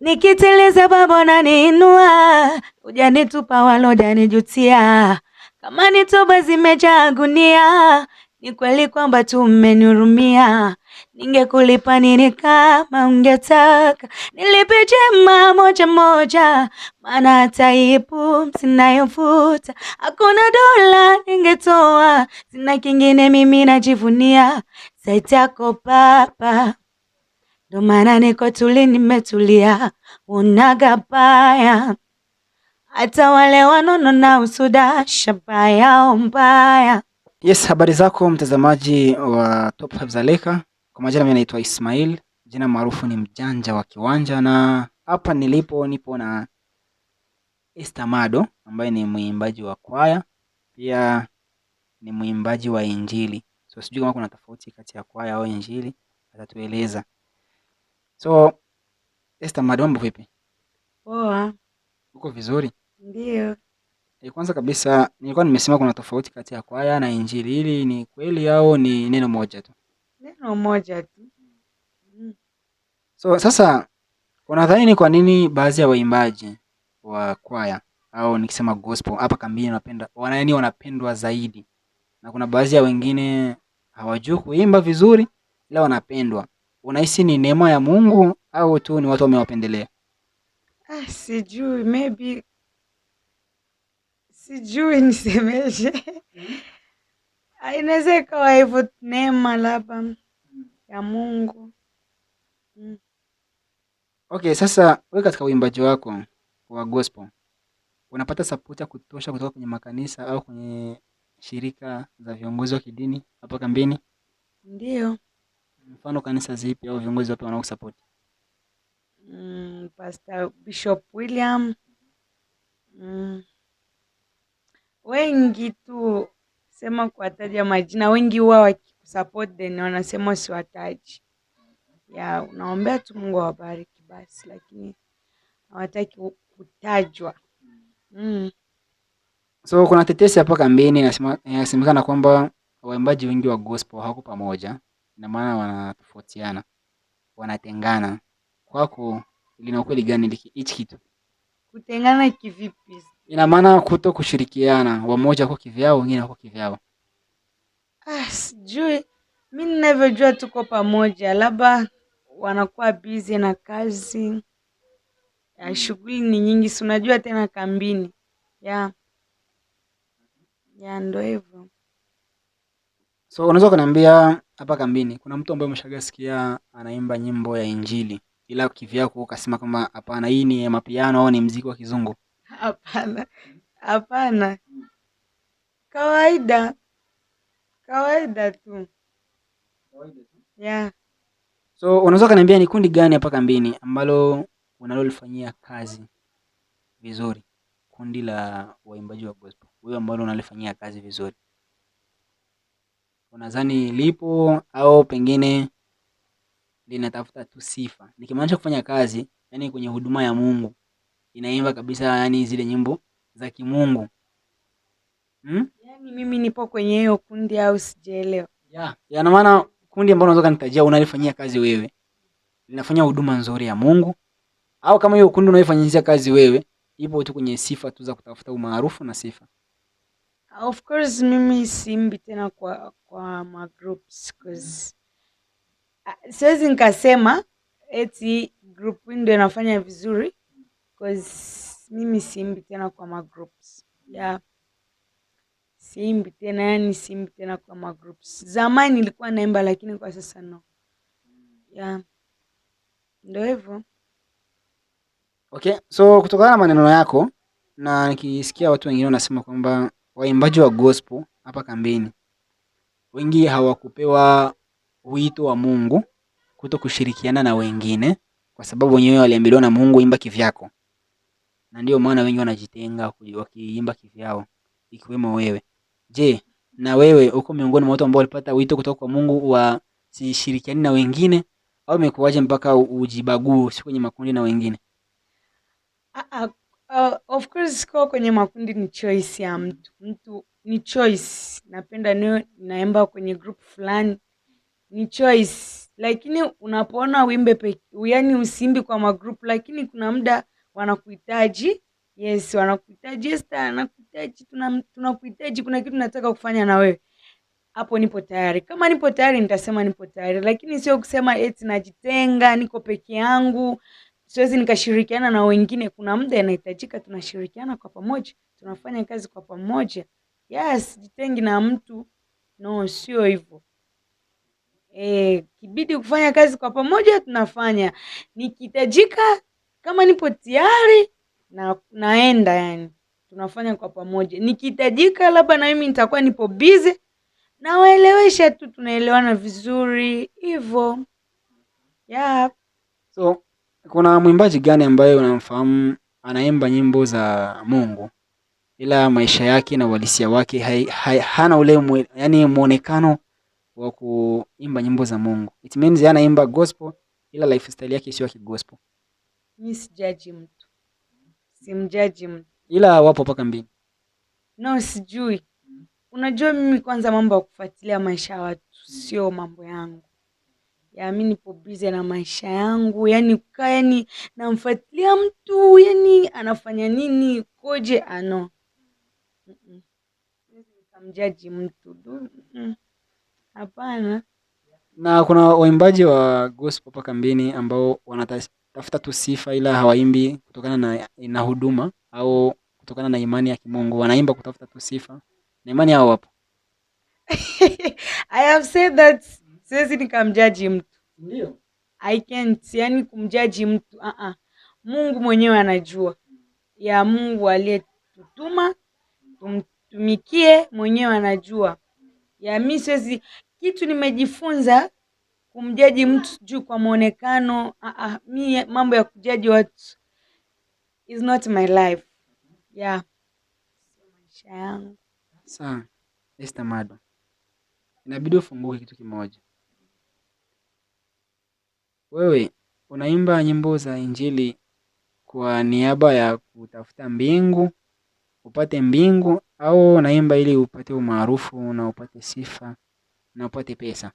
Nikiteleza Baba unaniinua, hujanitupa wala hujanijutia. Kama ni toba zimejaa gunia, ni kweli kwamba tu mmenihurumia. Ningekulipa nini kama ungetaka, nilipe jema moja moja, maana hata ipu sinayofuta hakuna dola ningetoa, sina kingine mimi najivunia, saitako papa ndo maana niko tuli, nimetulia unaga baya, hata wale wanono na usuda shaba yao mbaya. Yes, habari zako mtazamaji wa Top 5 Dzaleka. Kwa majina mimi naitwa Ismail, jina maarufu ni mjanja wa kiwanja, na hapa nilipo nipo na Esther Mado ambaye ni mwimbaji wa kwaya, pia ni mwimbaji wa injili. So sijui kama kuna tofauti kati ya kwaya au injili, atatueleza. So Esther, Madombo, vipi? Poa. Uko vizuri? Ndio. E, kwanza kabisa nilikuwa nimesema kuna tofauti kati ya kwaya na injili, hili ni kweli au ni neno moja tu? Neno moja tu. Mm. So sasa unadhani ni kwa nini baadhi ya waimbaji wa kwaya au nikisema gospel hapa kambini wanapenda wana wanapendwa zaidi na kuna baadhi ya wengine hawajui kuimba vizuri ila wanapendwa Unahisi ni neema ya Mungu au tu ni watu wamewapendelea? Ah, sijui maybe, sijui nisemeje. Hmm? Ah, inaweza ikawa hivyo, neema labda ya Mungu mm. Okay, sasa wewe katika uimbaji wako wa gospel unapata sapoti ya kutosha kutoka kwenye makanisa au kwenye shirika za viongozi wa kidini hapa kambini? Ndiyo. Mfano kanisa zipi au viongozi wapi wanaokusupport? Mm, Pastor Bishop William. Mm. Wengi tu sema kuwataja majina, wengi huwa wakikusupport then wanasema siwataji. Ya, unaombea tu Mungu awabariki basi, lakini hawataki kutajwa. Mm. So kuna tetesi hapa kambini inasemekana kwamba waimbaji wengi wa gospel hawako pamoja ina maana wanatofautiana, wanatengana. Kwako lina ukweli gani hichi kitu? Kutengana kivipi? Ina maana kuto kushirikiana, wamoja kwa kivyao, wengine kwa kivyao. Ah, sijui mi ninavyojua, tuko pamoja, labda wanakuwa busy na kazi ya hmm. shughuli ni nyingi, si unajua tena kambini ya ya, ndo hivyo. So unaweza kuniambia hapa kambini kuna mtu ambaye sikia anaimba nyimbo ya Injili, ila kivyako ukasema kama hapana, hii ni mapiano au ni mziki wa kizungu? Hapana, hapana, kawaida kawaida tu yeah. So unaweza kaniambia ni kundi gani hapa kambini ambalo unalolifanyia kazi vizuri? Kundi la waimbaji wa gospel, huyo ambalo unalifanyia kazi vizuri unadhani lipo au pengine linatafuta tu sifa. Nikimaanisha kufanya kazi, yani kwenye huduma ya Mungu inaimba kabisa, yani zile nyimbo za kimungu hmm? Yani mimi nipo kwenye hiyo kundi au sijaelewa? Yeah, yana maana kundi ambalo unaweza kanitajia unalifanyia kazi wewe linafanya huduma nzuri ya Mungu, au kama hiyo kundi unaifanyia kazi wewe ipo tu kwenye sifa tu za kutafuta umaarufu na sifa. Of course mimi siimbi tena kwa kwa magroups cause ah, siwezi nikasema eti group ndio inafanya vizuri cause mimi siimbi tena kwa magroups yeah. Siimbi tena yani, siimbi tena kwa magroups. Zamani nilikuwa naimba, lakini kwa sasa no. Yeah, ndo hivyo. Okay, so kutokana na maneno yako na nikisikia watu wengine wanasema kwamba waimbaji wa gospel hapa kambini wengi hawakupewa wito wa Mungu kuto kushirikiana na wengine, kwa sababu wenyewe waliambiwa na Mungu, imba kivyako, na ndio maana wengi wanajitenga wakiimba kivyao, ikiwemo wewe. Je, na wewe uko miongoni mwa watu ambao walipata wito kutoka kwa Mungu wa sishirikiani na wengine, au imekuwaje mpaka ujibaguo si kwenye makundi na wengine? Of course kwa kwenye makundi ni choice ya mtu, mtu ni choice. Napenda niwe naemba kwenye group fulani ni choice, lakini unapoona wimbe yani kwa magrup lakini kuna muda wanakuhitaji. Yes, wanakuhitaji Esther, anakuhitaji, tunakuhitaji, kuna kitu nataka kufanya na wewe. Hapo nipo tayari. Kama nipo tayari nitasema nipo tayari, lakini sio kusema eti najitenga, niko peke yangu siwezi nikashirikiana na wengine. Kuna muda yanahitajika tunashirikiana kwa pamoja, tunafanya kazi kwa pamoja. Yes, jitengi na mtu no, sio hivyo. E, eh, kibidi kufanya kazi kwa pamoja tunafanya, nikihitajika kama nipo tayari na naenda, yani tunafanya kwa pamoja. Nikihitajika labda na mimi nitakuwa nipo bize, nawaelewesha tu, tunaelewana vizuri hivyo yeah. so kuna mwimbaji gani ambaye unamfahamu anaimba nyimbo za Mungu ila maisha yake na uhalisia wake hai, hai, hana ule mwe, yani mwonekano wa kuimba nyimbo za Mungu. It means anaimba gospel ila lifestyle yake sio ya kigospel. Mimi sijaji mtu. Simjaji mtu. Ila wapo paka mbili. No, sijui. Unajua mimi kwanza mambo ya kufuatilia maisha ya watu sio mambo yangu yaamini Pobrize na maisha yangu, yani kukaa yani namfuatilia mtu yani anafanya nini koje, ano kamjaji mtu hapana. Na kuna waimbaji wa gospel hapa kambini ambao wanatafuta tu sifa, ila hawaimbi kutokana na, na huduma au kutokana na imani ya Kimungu, wanaimba kutafuta tu sifa na imani yao wapo I have said that siwezi nikamjaji mtu ndio. I can't, yani kumjaji mtu uh -uh. Mungu mwenyewe anajua ya Mungu aliyetutuma tumtumikie mwenyewe anajua ya mi siwezi kitu nimejifunza kumjaji mtu juu kwa mwonekano uh -uh. Mi mambo ya kujaji watu is not my life yeah, maisha yangu. Sawa, Esther Mado, inabidi ufunguke kitu kimoja wewe unaimba nyimbo za injili kwa niaba ya kutafuta mbingu, upate mbingu au unaimba ili upate umaarufu na upate sifa na upate pesa?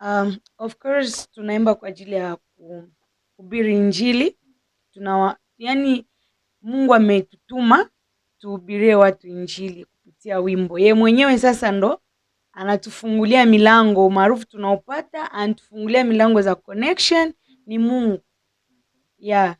Um, of course tunaimba kwa ajili ya kuhubiri injili. Tunawa, yani Mungu ametutuma tuhubirie watu injili kupitia wimbo. Ye mwenyewe sasa ndo anatufungulia milango, umaarufu tunaopata anatufungulia milango za connection ni Mungu yeah.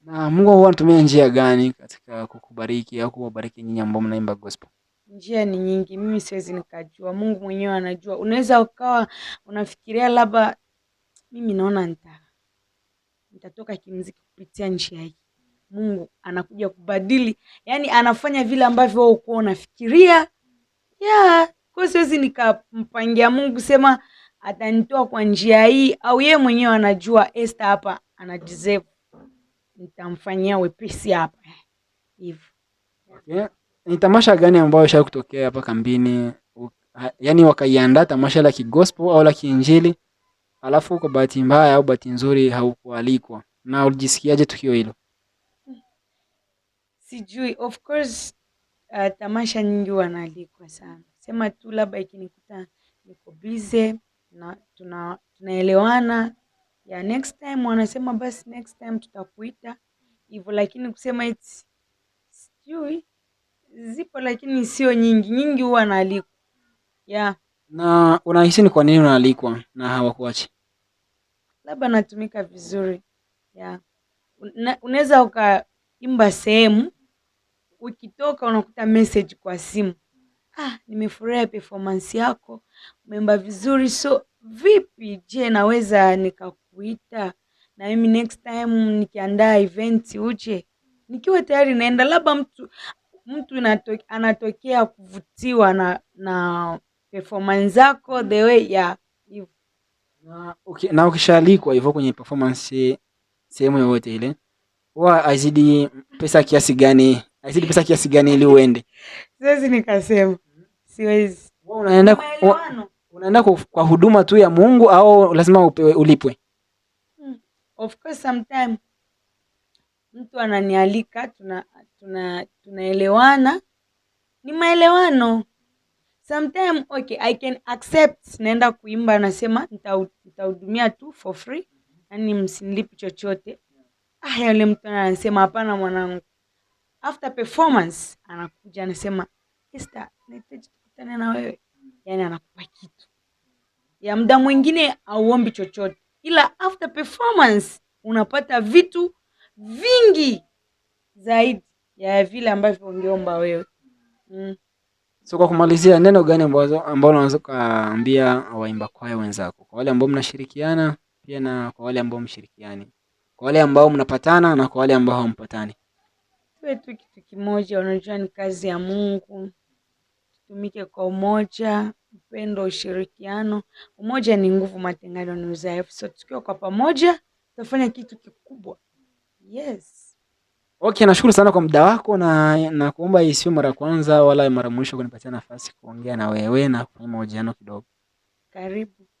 Na Mungu huwa anatumia njia gani katika kukubariki au kuwabariki nyinyi ambao mnaimba gospel? Njia ni nyingi, mimi siwezi nikajua, Mungu mwenyewe anajua. Unaweza ukawa unafikiria labda, mimi naona nita nitatoka kimziki kupitia njia hii. Mungu anakuja kubadili, yani anafanya vile ambavyo wewe ukuwa unafikiria yeah. Kwa siwezi nikampangia Mungu sema atanitoa kwa njia hii au yeye mwenyewe anajua Esther hapa ana deserve, nitamfanyia wepesi hapa hivyo. Okay. Ni tamasha gani ambayo shaka kutokea hapa kambini, yaani wakaiandaa tamasha la kigospel au la kiinjili, alafu kwa bahati mbaya au bahati nzuri haukualikwa, na ulijisikiaje tukio hilo? Sijui, of course uh, tamasha nyingi wanaalikwa sana sema tu labda ikinikuta niko busy na tuna tunaelewana ya next time wanasema basi next time tutakuita hivyo, lakini kusema eti sijui zipo, lakini sio nyingi nyingi, huwa naalikwa yeah. Na unahisi ni kwa nini unaalikwa na hawakuachi? Labda natumika vizuri yeah. Unaweza ukaimba sehemu, ukitoka unakuta message kwa simu ah, nimefurahi performance yako, umeimba vizuri, so vipi, je, naweza nikakuita na mimi next time nikiandaa event uje? Nikiwa tayari naenda, labda mtu mtu natoke, anatokea kuvutiwa na na performance zako the way ya yeah. Na, okay, na ukishaalikwa hivyo kwenye performance eh, sehemu yoyote ile huwa azidi pesa kiasi gani? Azidi pesa kiasi gani ili uende? Siwezi nikasema siwezi. unaenda unaenda kwa huduma tu ya Mungu au lazima upewe ulipwe? Hmm. Of course sometime mtu ananialika tuna tuna tunaelewana, ni maelewano sometime. Okay, I can accept, naenda kuimba, nasema nitahudumia tu for free, yani msinilipi chochote. Ah, yule mtu anasema hapana mwanangu. After performance anakuja anasema sister, nahitaji akikutana na wewe yani anakupa kitu ya muda mwingine auombi chochote, ila after performance unapata vitu vingi zaidi ya vile ambavyo ungeomba wewe mm. So kwa kumalizia, neno gani ambao unaweza ukaambia waimba kwaya wenzako, kwa wale ambao mnashirikiana pia na kwa wale ambao mshirikiani, kwa wale ambao mnapatana na kwa wale ambao hampatani? Tuwe tu kitu kimoja, unajua ni kazi ya Mungu tumike kwa umoja, upendo, ushirikiano. Umoja ni nguvu, matengano ni udhaifu. So tukiwa kwa pamoja tutafanya kitu kikubwa. Yes. Okay, nashukuru sana kwa muda wako na nakuomba sio mara kwanza wala mara mwisho kunipatia nafasi kuongea na wewe na kufanya mahojiano kidogo. Karibu.